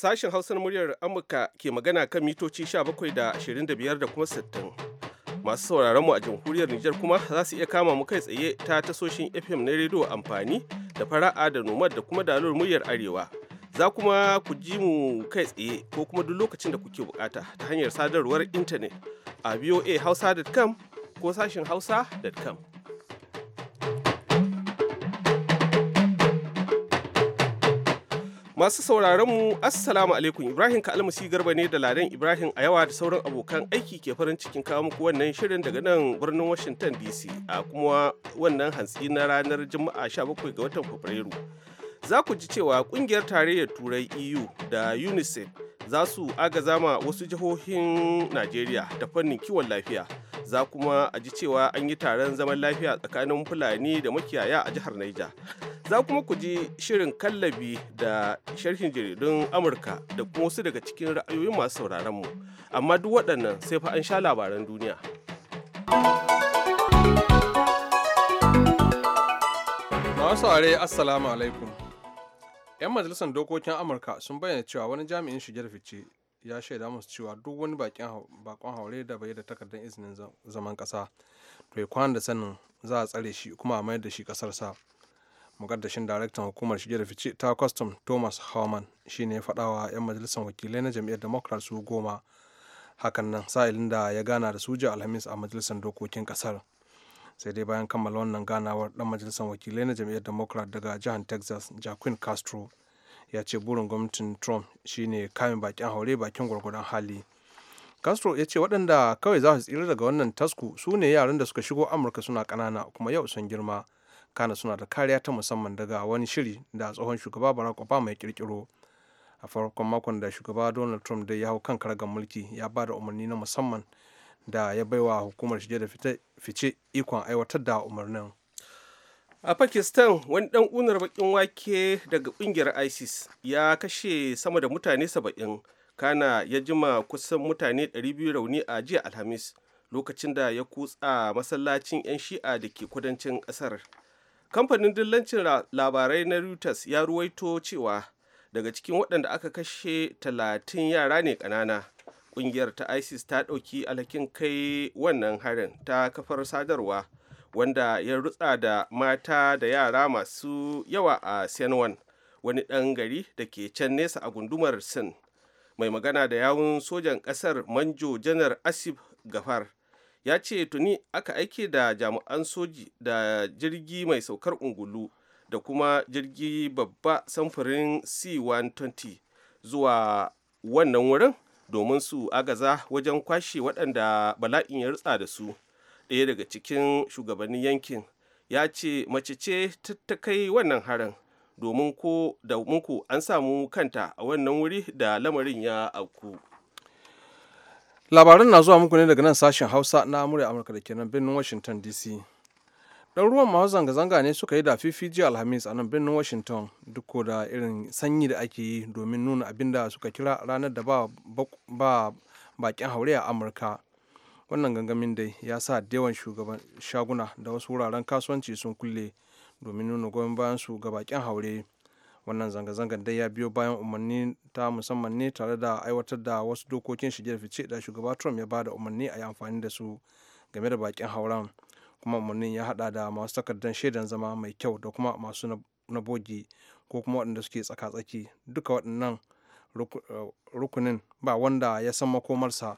Sashen Hausar muryar Amurka ke magana kan mitoci 17 da 25 da kuma 60. Masu sauraron mu a jamhuriyar Nijar kuma za su iya kama mu kai tsaye ta tasoshin FM na rediyo amfani da fara'a da nomad da kuma dalolin muryar Arewa. Za kuma ku ji mu kai tsaye ko kuma duk lokacin da kuke bukata ta hanyar sadarwar intanet a voahausa.com ko sashen hausa.com. Masu sauraron mu Assalamu alaikum Ibrahim Kalmasi Garba ne da Ladan Ibrahim a yawa da sauran abokan aiki ke farin cikin kawo muku wannan shirin daga nan birnin Washington DC a kuma wannan hantsi na ranar Juma'a 17 ga watan Fabrairu. za ku ji cewa kungiyar tarayyar turai eu da unicef za su agaza ma wasu jihohin najeriya da fannin kiwon lafiya za kuma a ji cewa an yi taron zaman lafiya tsakanin fulani da makiyaya a jihar naija za kuma ku ji shirin kallabi da sharhin jaridun amurka da kuma wasu daga cikin ra'ayoyin masu sauraron mu amma duk waɗannan sai fa an sha labaran duniya masu are assalamu alaikum 'yan majalisar dokokin amurka sun bayyana cewa wani jami'in shige da fice ya shaida musu cewa duk wani bakon haure da bai da takardar izinin zaman kasa to ya kwana da sanin za a tsare shi kuma a mayar da shi kasarsa mukaddashin daraktan hukumar shige da fice ta custom thomas howman shi ne ya wa 'yan majalisar wakilai na jam'iyyar democrat su goma hakan nan sa'ilin da ya gana da suja alhamis a majalisar dokokin kasar sai dai bayan kammala wannan ganawar dan majalisar wakilai na jam'iyyar democrat daga jihar texas jacquin castro ya ce burin gwamnatin trump shine kame bakin haure bakin gwargwadon hali castro ya ce waɗanda kawai za su tsira daga wannan tasku su ne yaran da suka shigo amurka suna ƙanana kuma yau sun girma kana suna da kariya ta musamman daga wani shiri da tsohon shugaba barack obama ya kirkiro a farkon makon da shugaba donald trump dai ya hau kan karagar mulki ya ba da umarni na musamman da ya baiwa hukumar shige da fice ikon aiwatar da umarnin a pakistan wani dan unar bakin wake daga kungiyar isis ya kashe sama da mutane saba'in kana ya jima kusan mutane 200 rauni a jiya alhamis lokacin da ya kutsa masallacin 'yan shi'a da ke kudancin kasar kamfanin dillancin labarai na reuters ya ruwaito cewa daga cikin waɗanda aka kashe 30 yara ne ƙanana kungiyar ta isis ta ɗauki alhakin kai wannan harin ta kafar sadarwa wanda ya rutsa da mata da yara masu yawa a senwan wani ɗan gari da ke can nesa a gundumar sin mai magana da yawun sojan ƙasar manjo janar asif gafar ya ce tuni aka aike da jami'an soji da jirgi mai saukar ungulu da kuma jirgi babba samfurin c-120 zuwa wannan wurin domin su agaza wajen kwashe waɗanda bala'in ya rutsa da su ɗaya daga cikin shugabannin yankin ya ce mace ce ta kai wannan harin domin ko da muku an samu kanta a wannan wuri da lamarin ya auku labaran na zuwa muku ne daga nan sashen hausa na amurya amurka da kenan birnin washington dc ɗaruruwan masu zanga-zanga ne suka yi da jiya alhamis a nan birnin washington duk da irin sanyi da ake yi domin nuna abin da suka kira ranar da ba bakin haure a amurka wannan gangamin dai ya sa yawan shugaban shaguna da wasu wuraren kasuwanci sun kulle domin nuna goyon bayan su ga bakin haure wannan zanga-zangar dai ya biyo bayan umarni ta musamman ne tare da aiwatar da wasu dokokin shige da fice da shugaba trump ya bada umarni a yi amfani da su game da bakin hauren kuma munin ya hada da masu takardar shaidan zama mai kyau da kuma masu na bogi ko kuma waɗanda suke tsaka-tsaki duka waɗannan eh, rukunin ba wanda ya san makomarsa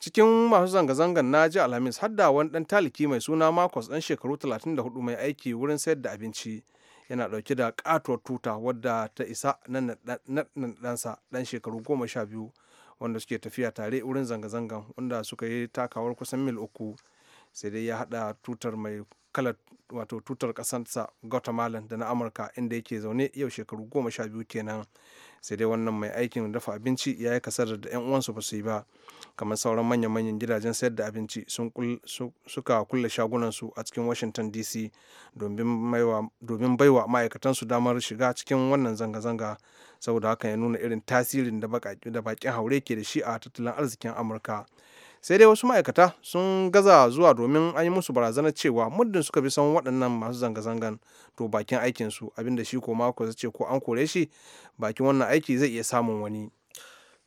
cikin masu zanga zangan na ji alhamis har da wani ɗan taliki mai suna makos ɗan shekaru 34 mai aiki wurin sayar da abinci yana ɗauke da katuwar tuta wadda ta isa na ɗansa ɗan shekaru goma sha biyu wanda suke tafiya tare wurin zanga-zangan wanda suka yi takawar kusan mil uku sai dai ya haɗa tutar mai kala wato tutar ƙasarsa guatemala da na amurka inda yake zaune yau shekaru goma sha biyu kenan sai dai wannan mai aikin dafa abinci ya yi kasar da 'yan uwansu ba su yi ba kamar sauran manya-manyan gidajen sayar da abinci suka kulle shagunansu a cikin washington dc domin baiwa ma'aikatansu damar shiga cikin wannan zanga-zanga saboda haka ya nuna irin tasirin da bakin haure ke da shi a tattalin arzikin amurka sai dai wasu ma'aikata sun gaza zuwa domin an yi musu barazanar cewa muddin suka bi san waɗannan masu zanga-zangan to bakin aikinsu abinda shi ko mako ce ko an kore shi bakin wannan aiki zai iya samun wani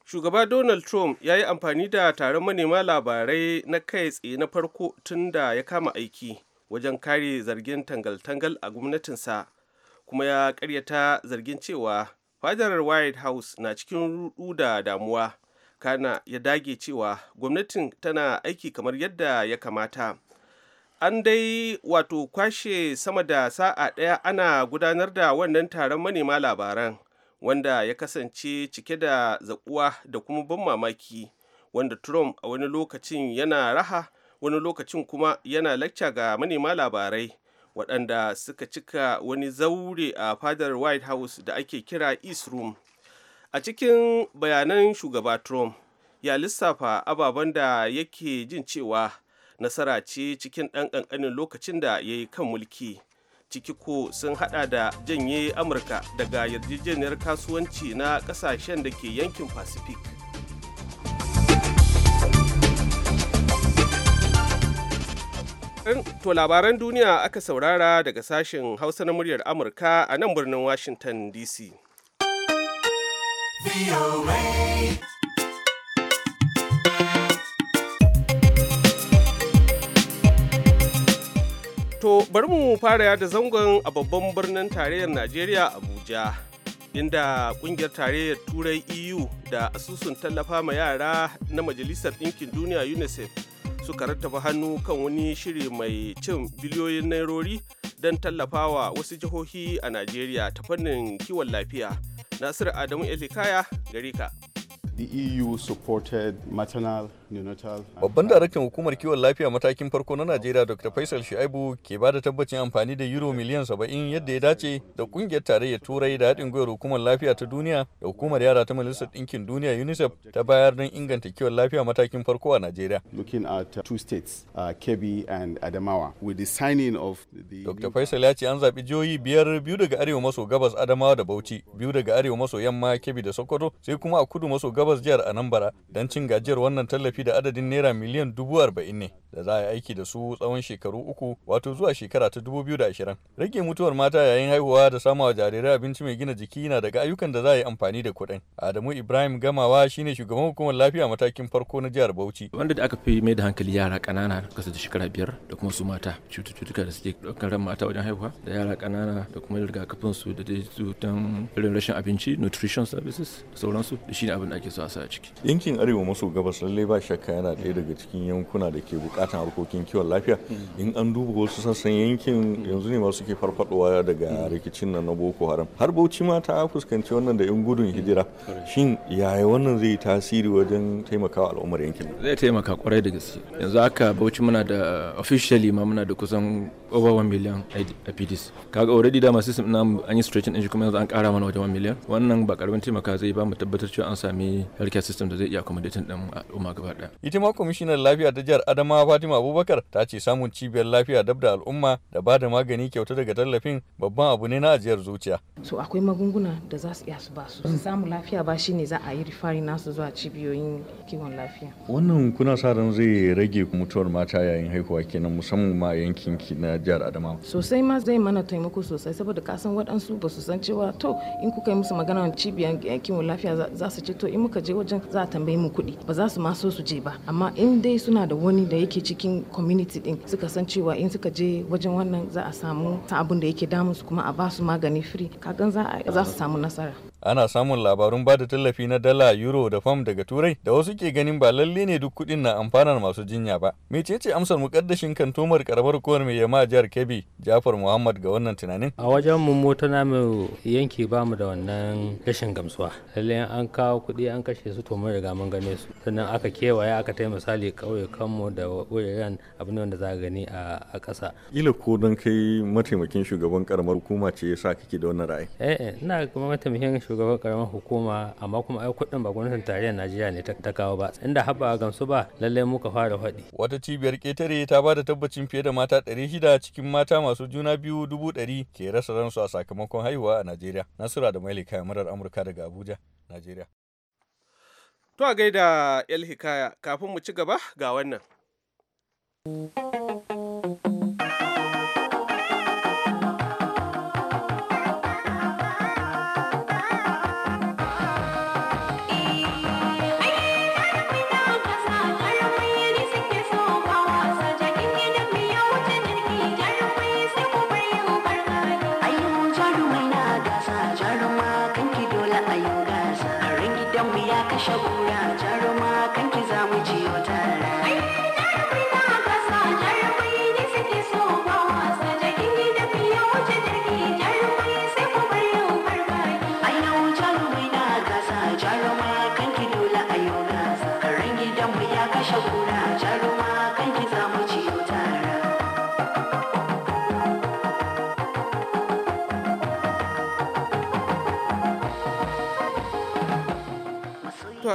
shugaba donald trump ya yi amfani da taron manema labarai na kai tsaye na farko tun da ya kama aiki wajen kare zargin tangal-tangal a gwamnatinsa kuma ya karyata zargin cewa fadarar white house na cikin rudu da damuwa kana ya dage cewa gwamnatin tana aiki kamar yadda ya kamata an dai wato kwashe sama da sa'a ɗaya ana gudanar da wannan taron manema labaran wanda ya kasance cike da zaƙuwa da kuma ban mamaki wanda trump a wani lokacin yana raha wani lokacin kuma yana lacca ga manema labarai waɗanda suka cika wani zaure a fadar white house da ake kira east room a cikin bayanan shugaba trump ya lissafa ababen da yake jin cewa nasara ce cikin ɗan ƙanƙanin lokacin da ya yi kan mulki ciki ko sun hada da janye amurka daga yarjejeniyar kasuwanci na ƙasashen da ke yankin pacific to labaran duniya aka saurara daga sashen hausa na muryar amurka a nan birnin washington dc To bari mu fara yada zangon a babban birnin tarayyar Najeriya Abuja. Inda kungiyar tarayyar Turai EU da asusun tallafa ma yara na Majalisar Ɗinkin Duniya UNICEF suka rattaba hannu kan wani shiri mai cin biliyoyin nairori don tallafawa wasu jihohi a Najeriya ta fannin kiwon lafiya. Nasiru Adamu Elikaya gare The EU supported maternal Babban daraktan hukumar kiwon lafiya matakin farko na Najeriya Dr. Faisal Shaibu ke ba da tabbacin amfani da euro miliyan 70 yadda ya dace da kungiyar tarayyar Turai da haɗin gwiwar hukumar lafiya ta duniya da hukumar yara ta Majalisar Ɗinkin Duniya UNICEF ta bayar don inganta kiwon lafiya matakin farko a Najeriya. Looking at uh, two uh, and Adamawa, with the of the Dr. Faisal ya ce an zaɓi jihohi biyar biyu daga arewa maso gabas Adamawa da Bauchi, biyu daga arewa maso yamma Kebbi da Sokoto, sai kuma a kudu maso gabas jihar Anambra don cin gajiyar wannan tallafi tallafi da adadin naira miliyan dubu arba'in ne da za a yi aiki da su tsawon shekaru uku wato zuwa shekara ta dubu biyu da ashirin rage mutuwar mata yayin haihuwa da samawa jarirai abinci mai gina jiki na daga ayyukan da za a yi amfani da kuɗin adamu ibrahim gamawa shine shugaban hukumar lafiya matakin farko na jihar bauchi wanda da aka fi mai da hankali yara ƙanana kasa da shekara biyar da kuma su mata cututtuka da suke ɗaukar mata wajen haihuwa da yara ƙanana da kuma rigakafin su da dai cutan irin rashin abinci nutrition services da sauransu da shine abin da ake so a sa a ciki yankin arewa maso gabas lallai ba shakka yana ɗaya daga cikin yankuna da ke bukatan harkokin kiwon lafiya in an duba wasu sassan yankin yanzu ne masu ke farfadowa daga rikicin nan na boko haram har bauchi ma ta fuskanci wannan da yan gudun hijira shin yaya wannan zai tasiri wajen taimakawa al'ummar yankin zai taimaka kwarai da gaske yanzu haka bauchi muna da officially ma muna da kusan over 1 million IPDs kaga already da masu na an yi stretching din shi kuma yanzu an kara mana wajen 1 million wannan ba karamin taimaka zai ba mu tabbatar cewa an sami healthcare system da zai iya accommodating din al'umma gaba ɗaya. Ita ma kwamishinan lafiya ta jihar Adamawa Fatima Abubakar ta ce samun cibiyar lafiya dab da al'umma da ba da magani kyauta daga tallafin babban abu ne na ajiyar zuciya. So akwai magunguna da za su iya su ba su. Su samu lafiya ba shi ne za a yi rifari su zuwa cibiyoyin kiwon lafiya. Wannan kuna sa ran zai rage mutuwar mata yayin haihuwa kenan musamman ma yankin ki na jihar Adamawa. Sosai ma zai mana taimako sosai saboda ka san waɗansu ba su san cewa to in kuka yi musu magana cibiyar kiwon lafiya za su ce to in muka je wajen za a tambayi mu kuɗi ba za su ma so su je ba amma in dai suna da wani da yake cikin community din suka san cewa in suka je wajen wannan za a samu ta abun da yake damun su kuma a ba su magani free kagan za su samu nasara ana samun labarun ba da tallafi na dala euro da fam daga turai da wasu ke ganin ba lalle ne duk kudin na amfanar masu jinya ba mecece amsar mukaddashin kantomar karamar kowar mai yamma jihar kebbi jafar muhammad ga wannan tunanin a wajen mu mota na mu yanki ba mu da wannan rashin gamsuwa lalle an kawo kuɗi an kashe su to mun riga mun gane su sannan aka kewaye aka tai misali kanmu da wuraren abin wanda za gani a ƙasa ila ko don kai mataimakin shugaban karamar hukuma ce ya sa kake da wannan ra'ayi eh, eh ina kuma mataimakin shugaban karamar hukuma amma kuma ai kuɗin ba gwamnatin tarayyar najeriya ne ta kawo ba inda haɓa gamsu ba lallai muka fara faɗi wata cibiyar ketare ta ba da tabbacin fiye da mata 600 cikin mata masu juna biyu dubu ke rasa ransu a sakamakon haihuwa a najeriya nasura da maili kai murar amurka daga abuja najeriya to a gaida el hikaya kafin mu ci gaba ga wannan সব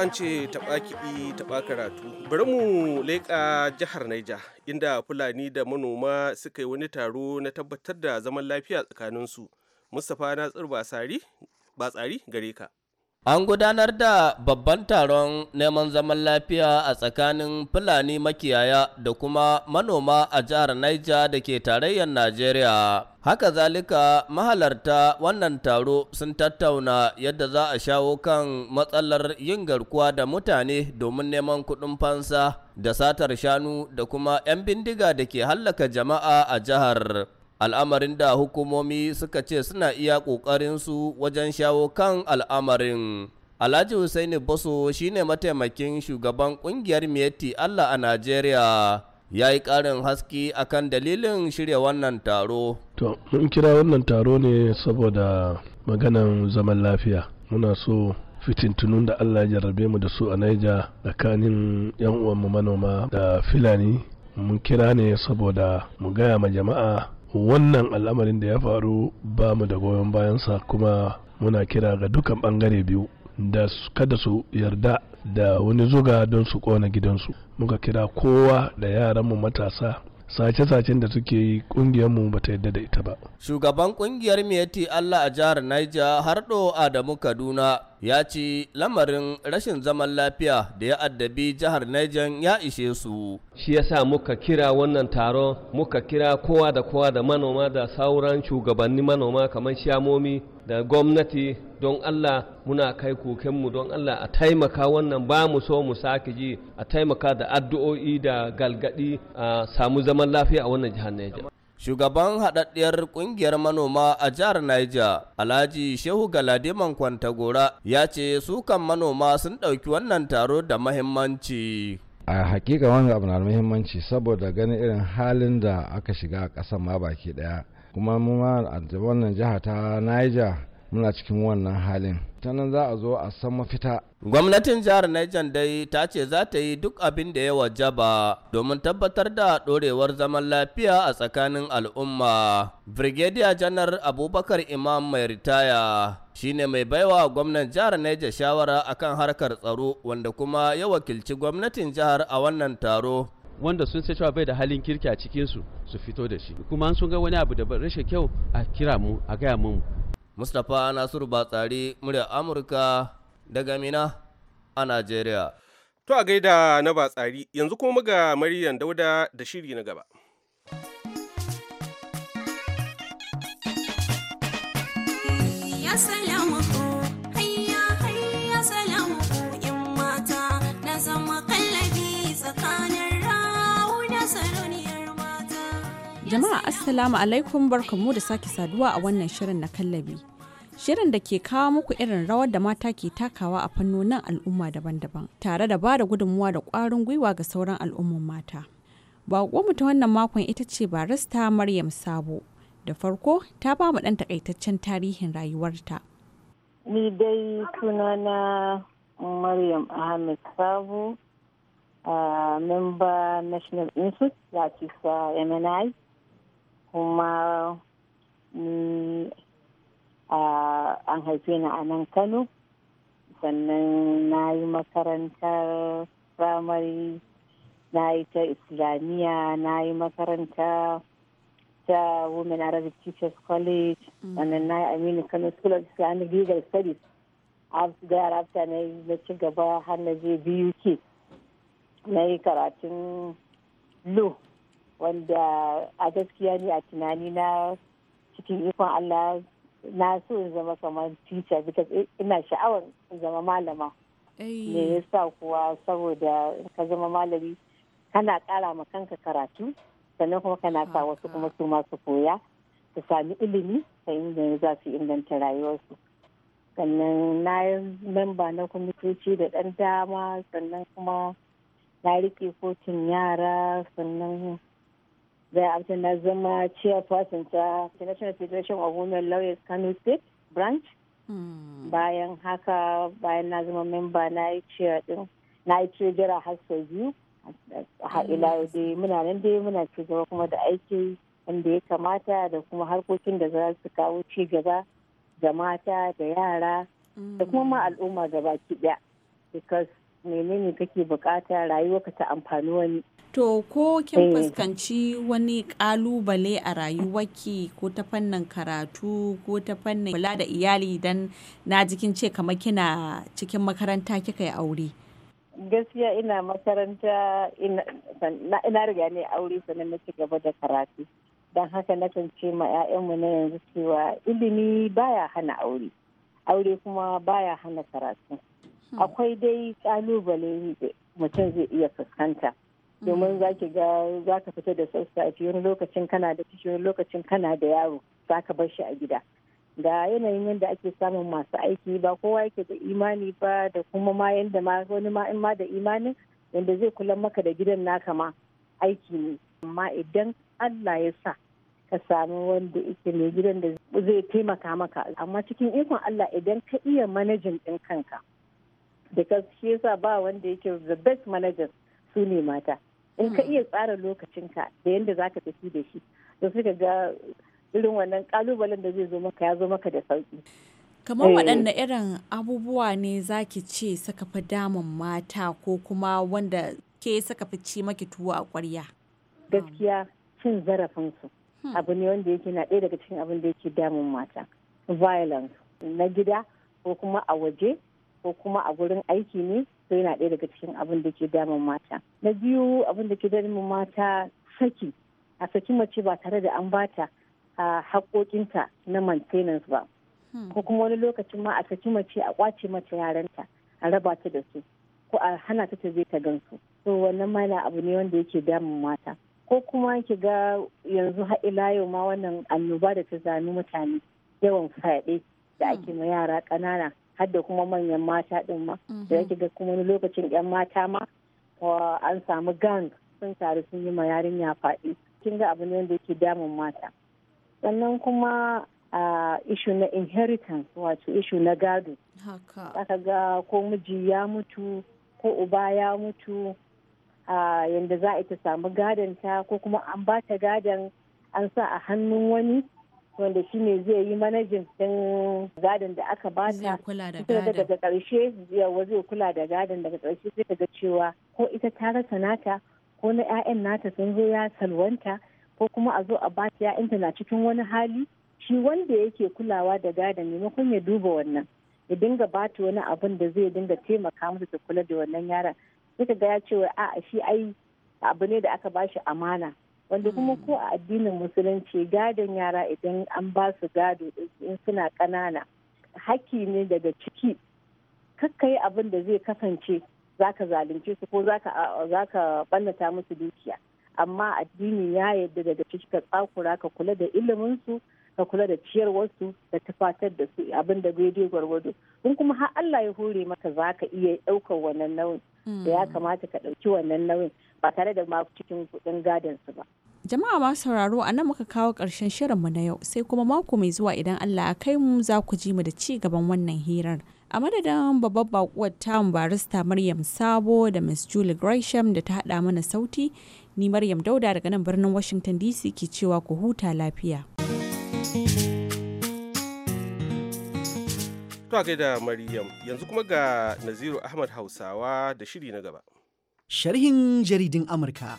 an ce taɓa kiɗi taɓa karatu bari mu leƙa jihar naija inda fulani da manoma suka yi wani taro na tabbatar da zaman lafiya tsakaninsu mustapha na ba tsari gare ka An gudanar da babban taron neman zaman lafiya a tsakanin Fulani makiyaya da kuma manoma a jihar Naija da ke tarayyar Najeriya. Haka zalika mahalarta wannan taro sun tattauna yadda za a shawo kan matsalar yin garkuwa da mutane domin neman kuɗin fansa da satar shanu da kuma 'yan bindiga da ke hallaka jama'a a jihar. Al'amarin da hukumomi suka ce suna iya ƙoƙarinsu wajen shawo kan al'amarin. Alhaji Hussaini Boso shine mataimakin shugaban ƙungiyar Miyetti Allah a Najeriya. ya yi ƙarin haski akan dalilin shirya wannan taro. To, mun kira wannan taro ne saboda maganan zaman lafiya. Muna so fitintunun da Allah ya jarrabe mu da su a Naija tsakanin 'yan uwanmu manoma da Filani. Mun kira ne saboda mu gaya ma jama'a wannan al'amarin da ya faru ba mu da goyon bayansa kuma muna kira ga dukan bangare biyu da kada su yarda da wani zuga don su kona gidansu muka kira kowa da yaranmu matasa sace-sacen da suke yi kungiyarmu ba ta yadda da ita ba shugaban kungiyar miyati allah a jihar niger hardo adamu kaduna ya ce lamarin rashin zaman lafiya da ya addabi jihar Niger ya ishe su. Shi yasa muka kira wannan taro muka kira kowa da kowa da manoma da sauran shugabanni manoma kamar shamomi da gwamnati don Allah muna kai kokenmu don Allah a taimaka wannan ba mu so mu sake ji a taimaka da addu'o'i da galgadi a samu zaman lafiya a wannan jihar Niger. Shugaban haɗaɗɗiyar ƙungiyar manoma a jihar Niger, Alhaji Shehu Galadiman Kwantagora ya ce sukan manoma sun ɗauki wannan taro da mahimmanci. A hakika wannan abu na mahimmanci saboda ganin irin halin da aka shiga a ƙasar ma baki ɗaya. Kuma mu ma a wannan jiha ta Niger muna cikin wannan halin. ta nan za a zo a san mafita. Gwamnatin jihar Niger dai ta ce za ta yi duk abin da ya wajaba domin tabbatar da ɗorewar zaman lafiya a tsakanin al'umma. Brigadier Janar Abubakar Imam mai ritaya shi ne mai baiwa gwamnan jihar Niger shawara akan harkar tsaro wanda kuma ya wakilci gwamnatin jihar a wannan taro. wanda sun sai cewa bai da halin kirki a cikinsu su fito da shi kuma an sun ga wani abu da rashin kyau a kira mu a gaya mu Mustapha Nasiru Batsari murya Amurka daga Mina a Najeriya. To a gaida na Batsari yanzu kuma muga Maryam Dauda da shiri na gaba. Ya salamu Jama'a Assalamu alaikum barkamu da sake saduwa a wannan shirin na kallabi. Shirin da ke kawo muku irin rawar da mata ke takawa a fannonin al'umma daban-daban tare da ba da gudunmuwa da ƙwarin gwiwa ga sauran al'umman mata. mu ta wannan makon ita ce barista Maryam Sabo. Da farko ta ba mu ɗan takaitaccen tarihin rayuwarta. Ni dai sunana Maryam Ahmed Sabo a ah, member National Institute, ya ah, MNI. kuma ni an haife ni a nan kano sannan na yi makarantar firamare na yi ta islamiyya na yi makaranta ta women arabic teachers college mm. sannan na yi aminu kano school of islamic legal studies there after na yi na ci gaba har na je buk na yi karatun law wanda a gaskiya ne a tunani na cikin ikon Allah na so in zama kamar teacher because ina sha'awar zama malama me yasa kuwa saboda ka zama malami kana kara ma kanka karatu sannan kuma kana sa wasu kuma su masu koya su sami ilimi ta inda za su inganta rayuwarsu sannan na yi memba na kwamitoci da dan dama sannan kuma na rike kotun yara sannan da abu na zama chairperson ta international federation of women lawyers kano state branch hmm. bayan haka bayan na zama memba na yi chair din na yi chair har sau biyu a hmm. ila dai muna nan dai muna ci gaba kuma da aiki wanda ya kamata da kuma harkokin da za su kawo ci gaba da mata da yara da hmm. kuma ma al'umma gaba ki daya because menene kake bukata rayuwarka ta amfani wani to ko kin eh. fuskanci wani kalubale a rayuwarki ko ta fannin karatu ko ta fannin kula da iyali idan na jikin ce kamar kina cikin makaranta kika yi aure gaskiya ina makaranta ina riga ne aure sannan na ci gaba da karatu don haka na kan ce ma 'ya'yanmu na yanzu cewa ilimi baya hana aure aure kuma baya hana karatu Hmm. akwai dai kalubale mutum zai iya fuskanta hmm. domin za ki ga za ka fita da sassafe wani lokacin kana da ciki wani lokacin kana da yaro za ka bar shi a gida da yanayin yadda ake samun masu aiki ba kowa yake da imani ba da kuma ma yadda ma wani ma in ma da imanin yadda zai kula maka da gidan naka ma aiki ne amma idan Allah ya sa ka samu wanda yake mai gidan da zai taimaka maka amma cikin ikon Allah idan ka iya manajin ɗin kanka because shi yasa ba wanda yake the best managers su ne mata in ka hmm. iya tsara lokacinka da yadda za ka tafi da shi da suka ga irin wannan kalubalen da zai zo maka ya zo maka da sauki kamar eh. waɗanne irin abubuwa ne za ki ce suka fi damun mata ko kuma wanda ke suka fi ci maki tuwo a ƙwarya gaskiya cin zarafinsu hmm. abu ne wanda yake na ɗaya daga cikin abin da yake damun mata violence na gida ko kuma a waje ko kuma a gurin aiki ne to yana ɗaya daga cikin abin da ke damun mata na biyu abin da ke damun mata saki a saki mace ba tare da an bata a haƙoƙinta na maintenance ba hmm. ko kuma wani lokacin ma a saki mace a kwace mata yaranta a raba ta da su ko a hana ta ta zai ta gansu to wannan ma yana abu ne wanda yake damun mata ko kuma ki ga yanzu ila yau ma wannan annoba da ta zanu mutane yawan fyaɗe da hmm. ake ma yara ƙanana har da kuma manyan mata din ma mhm. da yake ga kuma wani lokacin yan mata ma an samu gang sun taru sun yi ma yarinya faɗi kin ga abu ne wanda yake damun mata sannan kuma a ishu na inheritance wato ishu na gado aka ga ko miji ya mutu ko uba ya mutu a yanda za a ita samu gadon ta ko kuma an ba ta gadon an sa a hannun wani wanda shi ne zai yi manajin din gadon da aka ba bata ita daga karshe yawa zai kula da gadon daga karshe sai ga cewa ko ita ta rasa nata ko na 'ya'yan nata sun zo ya salwanta ko kuma a zo a ba ta 'ya'yanta na cikin wani hali shi wanda yake kulawa da gadon maimakon ya duba wannan ya dinga bata wani abin da zai dinga taimaka masa ta kula da wannan yaron sai ka ga ya ce a'a shi ai abu ne da aka ba shi amana wanda kuma mm. ko a addinin musulunci gadon yara idan an ba su gado in suna ƙanana haƙƙi ne daga ciki kakkai abin da zai kasance zaka zalunce su ko zaka ɓannata musu dukiya amma addini ya yarda daga ciki ka tsakura ka kula da iliminsu ka kula da ciyarwarsu da tafatar da su abin da daidai gwargwado in kuma har Allah ya hore maka za ka iya ɗaukar wannan nauyin da ya mm. kamata ka ɗauki wannan nauyin ba tare da ma cikin kuɗin gadon ba Jama'a masu sauraro a nan muka kawo ƙarshen shirinmu na yau sai kuma mako mai zuwa idan Allah a kai mu za ku ji mu da ci gaban wannan hirar. A madadin babbar bakuwar tamu barista Maryam Sabo da Miss Julie Gresham da ta haɗa mana sauti, ni Maryam Dauda daga nan birnin Washington DC ke cewa ku huta lafiya. To gaida Maryam, yanzu kuma ga Naziru Ahmad Hausawa da shiri na gaba. Sharhin jaridin Amurka.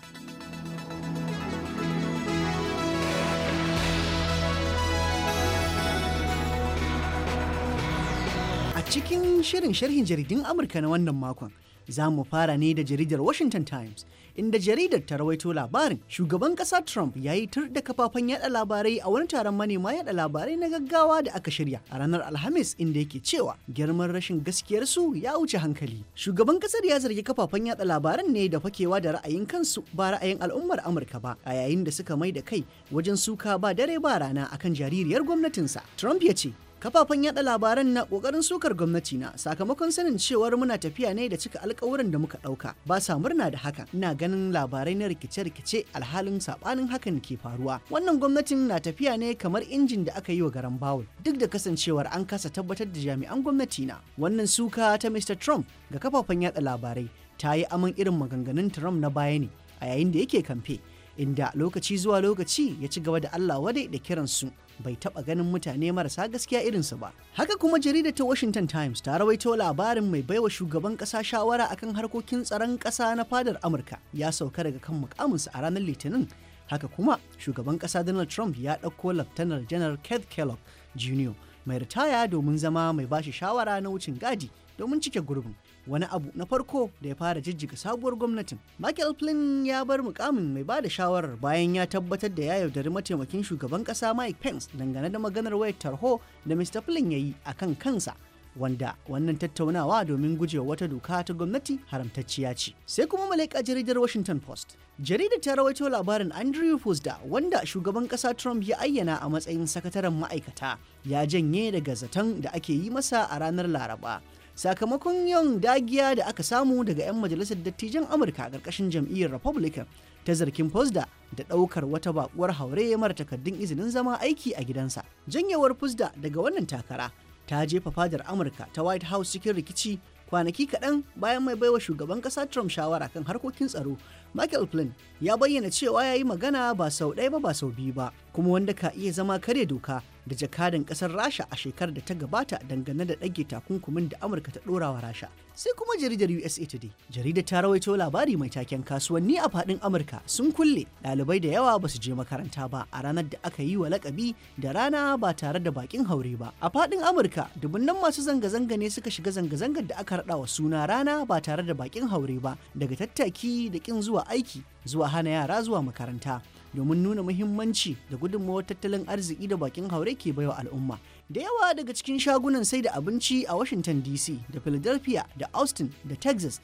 Cikin shirin sharhin jaridun Amurka na wannan makon, za mu fara ne da jaridar Washington Times, inda jaridar ta rawaito labarin shugaban ƙasa Trump ya yi tur da kafafen yada labarai a wani taron manema yada labarai na gaggawa da aka shirya a ranar Alhamis inda yake cewa girman rashin gaskiyarsu ya wuce hankali. Shugaban ƙasar ya zargi kafafen yada labaran ne da fakewa da ra'ayin kansu ba ra'ayin al'ummar Amurka ba a yayin da suka mai da kai wajen suka ba dare ba rana akan jaririyar gwamnatinsa. Trump ya ce kafafen yada labaran na kokarin sukar gwamnati na sakamakon sanin cewar muna tafiya ne da cika alkawuran da muka dauka ba sa murna da haka ina ganin labarai na rikice-rikice alhalin sabanin hakan ke faruwa wannan gwamnatin na tafiya ne kamar injin da aka yi wa garan bawul duk da kasancewar an kasa tabbatar da jami'an gwamnati na wannan suka ta Mr Trump ga kafafen yada labarai ta yi aman irin maganganun Trump na baya ne a yayin da yake kamfe inda lokaci zuwa lokaci ya ci gaba da Allah wadai da kiransu bai taɓa ganin mutane marasa gaskiya irinsu ba. Haka kuma jaridar ta Washington Times ta rawaito labarin mai baiwa shugaban ƙasa shawara akan harkokin tsaron ƙasa na fadar Amurka ya sauka daga kan mukaminsa a ranar Litinin. Haka kuma shugaban ƙasa Donald Trump ya ɗauko Laftanar Janar Keith Kellogg Jr. mai ritaya domin zama mai bashi shawara na wucin gadi domin cike gurbin. wani abu na farko da ya fara jijjiga sabuwar gwamnatin. Michael Flynn ya bar mukamin mai bada shawarar bayan ya tabbatar da ya yaudari mataimakin shugaban kasa Mike Pence dangane da maganar wayar tarho da Mr. Flynn ya yi a kan kansa wanda wannan tattaunawa domin gujewa wata doka ta gwamnati haramtacciya ce. Sai kuma malaika jaridar Washington Post. Jaridar ta rawaito labarin Andrew Fusda wanda shugaban ƙasa Trump ya ayyana a matsayin sakataren ma'aikata ya janye daga zaton da ake yi masa a ranar Laraba. Sakamakon yin dagiya da aka samu daga 'yan majalisar dattijan Amurka a ƙarƙashin jam'iyyar Republican ta zargin Fusda da ɗaukar wata Baƙuwar haure mara takardun izinin zama aiki a gidansa. Janyewar Fusda daga wannan takara ta jefa fadar amurka ta white house cikin rikici kwanaki kaɗan bayan mai baiwa shugaban ƙasa trump shawara kan harkokin tsaro michael flynn ya bayyana cewa ya yi magana ba sau ɗaya ba ba sau biyu ba kuma wanda ka iya zama kare doka da jakadan kasar rasha a shekarar da ta gabata dangane da ɗage takunkumin da amurka ta ɗora wa rasha sai kuma jaridar usa today jaridar ta rawaito labari mai taken kasuwanni a faɗin amurka sun kulle ɗalibai da yawa ba su je makaranta ba a ranar da aka yi wa lakabi da rana ba tare da bakin haure ba a faɗin amurka dubunnan masu zanga-zanga ne suka shiga zanga-zangar da aka raɗa wa suna rana ba tare da bakin haure ba daga tattaki da ƙin zuwa aiki zuwa hana yara zuwa makaranta domin nuna muhimmanci da gudunmawar tattalin arziki da bakin haure ke baiwa al'umma. Da yawa daga cikin shagunan sai da abinci a Washington DC da Philadelphia da Austin da Texas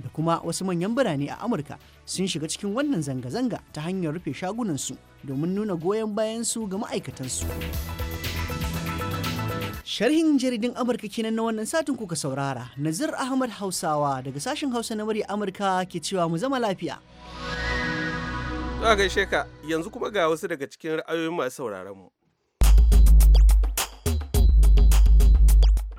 da kuma wasu manyan birane a Amurka sun shiga cikin wannan zanga-zanga ta hanyar rufe shagunansu domin nuna goyon bayansu ga ma'aikatansu. Sharhin jaridin Amurka kenan na wannan satin kuka saurara, Nazir Ahmad Hausawa daga sashen Hausa na murya Amurka ke cewa mu zama lafiya. Zuwa gaishe ka yanzu kuma ga wasu daga cikin ra'ayoyin masu sauraron mu.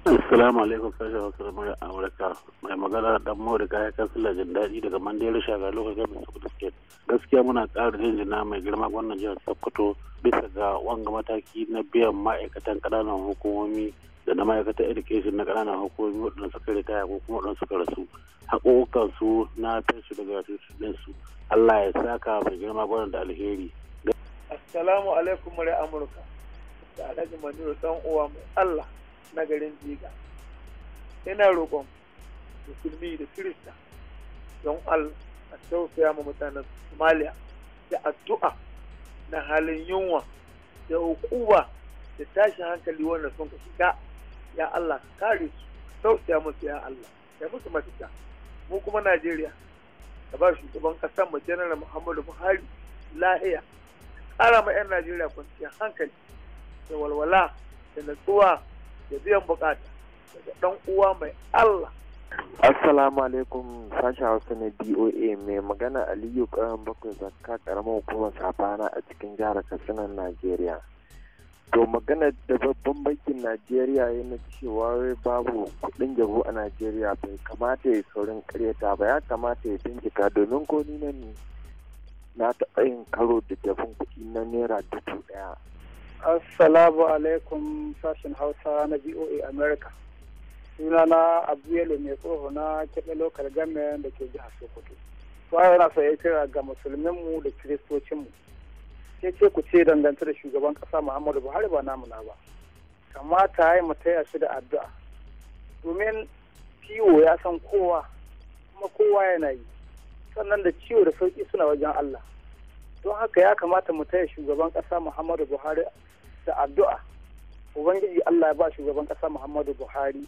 Assalamu alaikum sashi wasu ramar Amurka mai magana dan Morika ya kansila jin daɗi daga Mandela Shaga lokacin da Sokoto State. Gaskiya muna ƙara jinjina mai girma wannan jihar Sokoto bisa ga wanga mataki na biyan ma'aikatan ƙananan hukumomi da na ma'aikatan education na ƙananan hukumomi waɗanda suka ritaya ko kuma waɗanda suka rasu haƙoƙansu na tashi daga su Allah ya saka mai girma da alheri. Assalamu alaikum murai Amurka da Alhaji Maniro ɗan uwa mai Allah na garin Jiga. Ina roƙon musulmi da Kirista don Allah a tausaya ma mutanen Somalia da addu'a na halin yunwa da hukuba da tashin hankali wanda sun ka shiga ya Allah kare su tausaya musu ya Allah ya musu mafita mu kuma Najeriya da ba shugaban kasar mu janar muhammadu buhari lahiya ƙara ma 'yan najeriya kwanciyar hankali da walwala da natsuwa da biyan bukata daga dan uwa mai allah Assalamu alaikum sashen Hausa na DOA mai magana Aliyu Karan Bakwai Zakka karamar hukumar safana a cikin jihar Katsina Najeriya. to magana da babban bankin najeriya ya na cewa babu kudin jabu a najeriya bai kamata ya saurin karyata ba ya kamata ya bincika domin ko ni nan na taɓa yin karo da jabun kuɗi na naira dubu ɗaya. assalamu alaikum sashen hausa na boa america sunana Yalo mai tsoho na keɓe lokal government da ke jihar sokoto to yana so ya kira ga musulmin mu da kiristocinmu sai ce ku ce dangantar da shugaban kasa muhammadu buhari ba namu na ba kamata ya yi mu taya shi da addu'a domin ciwo ya san kowa kuma kowa yana yi sannan da ciwo da sauki suna wajen allah don haka ya kamata mu taya shugaban kasa muhammadu buhari da addu'a ubangiji allah ya ba shugaban kasa muhammadu buhari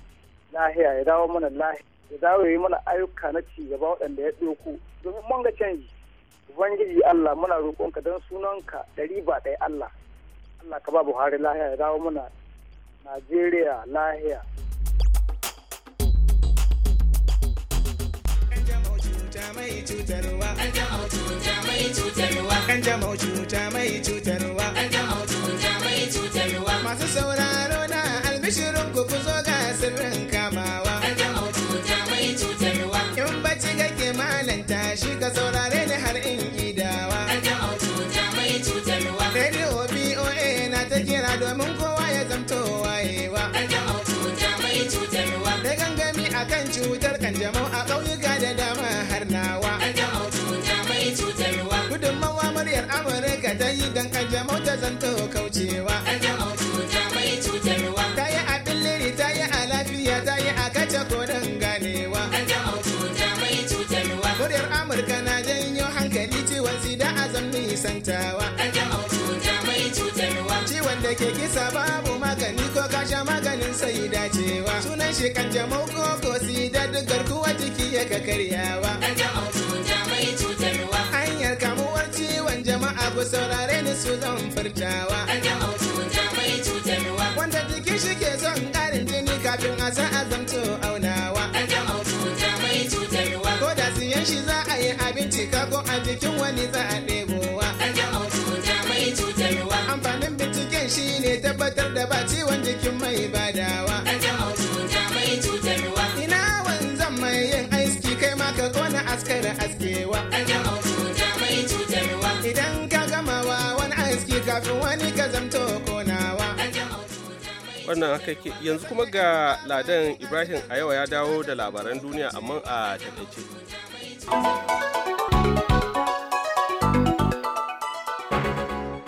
lahiya ya dawo mana lahiya ya dawo ya yi mana ayyuka na ci gaba waɗanda ya ɗauko domin manga canji ubangiji Allah muna roƙonka don sunanka ɗari ba ɗaya Allah Allah ka ba Buhari lahiya ya dawo muna Najeriya lahiya mai cutarwa cuta mai cutarwa masu sauraro na albishirin ku ku zo ga sirrin kamawa cuta mai cutarwa in bacci gake malam shi ka saurare don kanjamau ta zanto kaucewa kanjamau cuta mai cutarwa ta yi a billiri ta yi a lafiya ta yi a kace koren ganewa kanjamau cuta mai cutarwa muryar amurka na janyo hankali ciwon sida a zan nisantawa cuta mai cutarwa ciwon da ke kisa babu magani ko kasha maganin sai dacewa sunan shi kanjamau ko ko sida duk garkuwa jiki ya ka karyawa saurare ni su zan furtawa mai cutarwa wanda jikin shi ke son karin jini kafin a sa azamto aunawa aljamau mai cutarwa ko da siyan shi za a yi abinci kako a jikin wani za a ɗebowa mai cutarwa amfanin binciken shi ne tabbatar da ba ciwon jikin mai badawa mai cutarwa ina wanzan mai yin aski kai ma ka kona askara askewa wannan haka yanzu kuma ga ladan ibrahim a yawa ya dawo da labaran duniya amma a takaice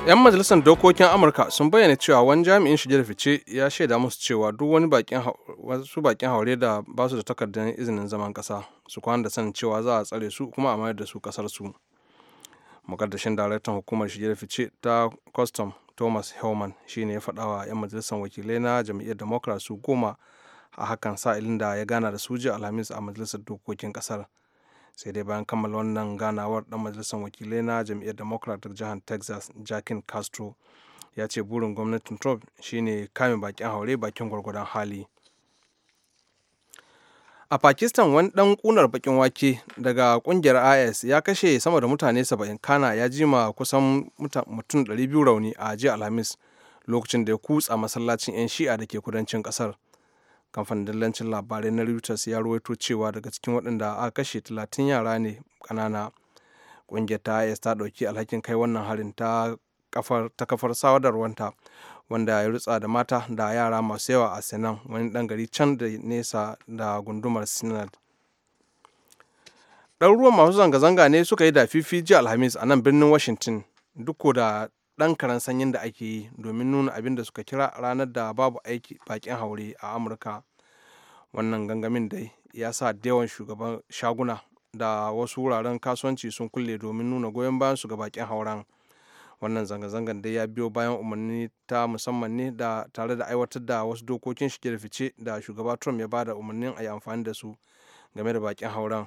yan majalisar dokokin amurka sun bayyana cewa wani jami'in shige da fice ya shaida musu cewa duk wani wasu bakin haure da ba su da takardar izinin zaman kasa su kwana da sanin cewa za a tsare su kuma a mayar da su kasar su mukaddashin daraktan hukumar shirya da fice ta custom thomas hellman shine ya faɗa wa 'yan majalisar wakilai na jam'iyyar democrat su goma a hakan sa'ilin da ya gana da suji alhamis a majalisar dokokin kasar sai dai bayan kammala wannan ganawar dan majalisar wakilai na jam'iyyar democrat daga jihar texas jakin castro ya ce burin gwamnatin trump shine kame bakin haure bakin gwargwadon hali a pakistan wani ɗan kunar bakin wake daga ƙungiyar is ya kashe sama da mutane 70 kana ya jima kusan mutum 200 rauni a jiya alhamis lokacin da ya kutsa masallacin 'yan shi'a da ke kudancin ƙasar kamfanin dillancin labarai na reuters ya ruwaito cewa daga cikin waɗanda aka kashe 30 yara ne ƙanana ƙungiyar ta is ta ɗauki alhakin kai wannan harin ta kafar sadarwanta wanda ya rutsa da mata da yara masu yawa a sinan wani ɗan gari can da nesa da gundumar sinan ɗaruruwan masu zanga-zanga ne suka yi da fifi jiya alhamis a nan birnin washington duk da ɗan karan sanyin da ake yi domin nuna abin da suka kira ranar da babu aiki bakin haure a amurka wannan gangamin dai ya sa da yawan shugaban shaguna da wasu wuraren kasuwanci sun kulle domin nuna goyon bayan su ga bakin hauren wannan zanga-zangar dai ya biyo bayan umarni ta musamman ne da tare da aiwatar da wasu dokokin shige da fice da shugaba trump ya bada umarnin a yi amfani da su game da bakin hauren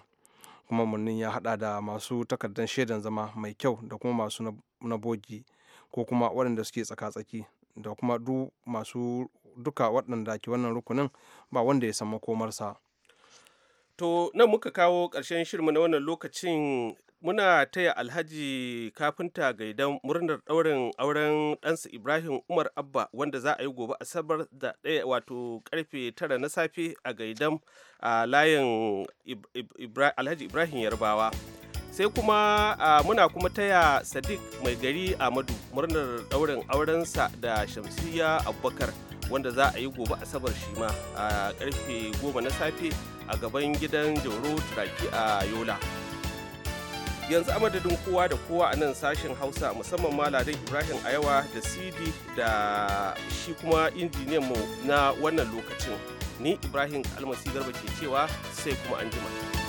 kuma umarnin ya hada da masu takardar shaidan zama mai kyau da kuma masu na bogi ko kuma waɗanda suke tsaka-tsaki da kuma du masu duka waɗanda ke wannan rukunin ba wanda ya san komarsa. To nan muka kawo ƙarshen shirma na wannan lokacin muna taya alhaji kafinta gaidan murnar ɗaurin auren ɗansa ibrahim umar abba wanda za a yi gobe asabar da ɗaya wato karfe tara na safe a gaidan layin alhaji ibrahim yarbawa sai kuma muna kuma taya sadiq mai gari amadu murnar ɗaurin aurensa da shamsiya abubakar wanda za a yi gobe asabar shi ma a karfe goma na safe a gaban gidan jauro turaki a yola yanzu amadadin kowa da kowa a nan sashen hausa musamman maladin ibrahim ayawa da sidi da shi kuma injiniyan mu na wannan lokacin ni ibrahim almasi garba ke cewa sai kuma anjima.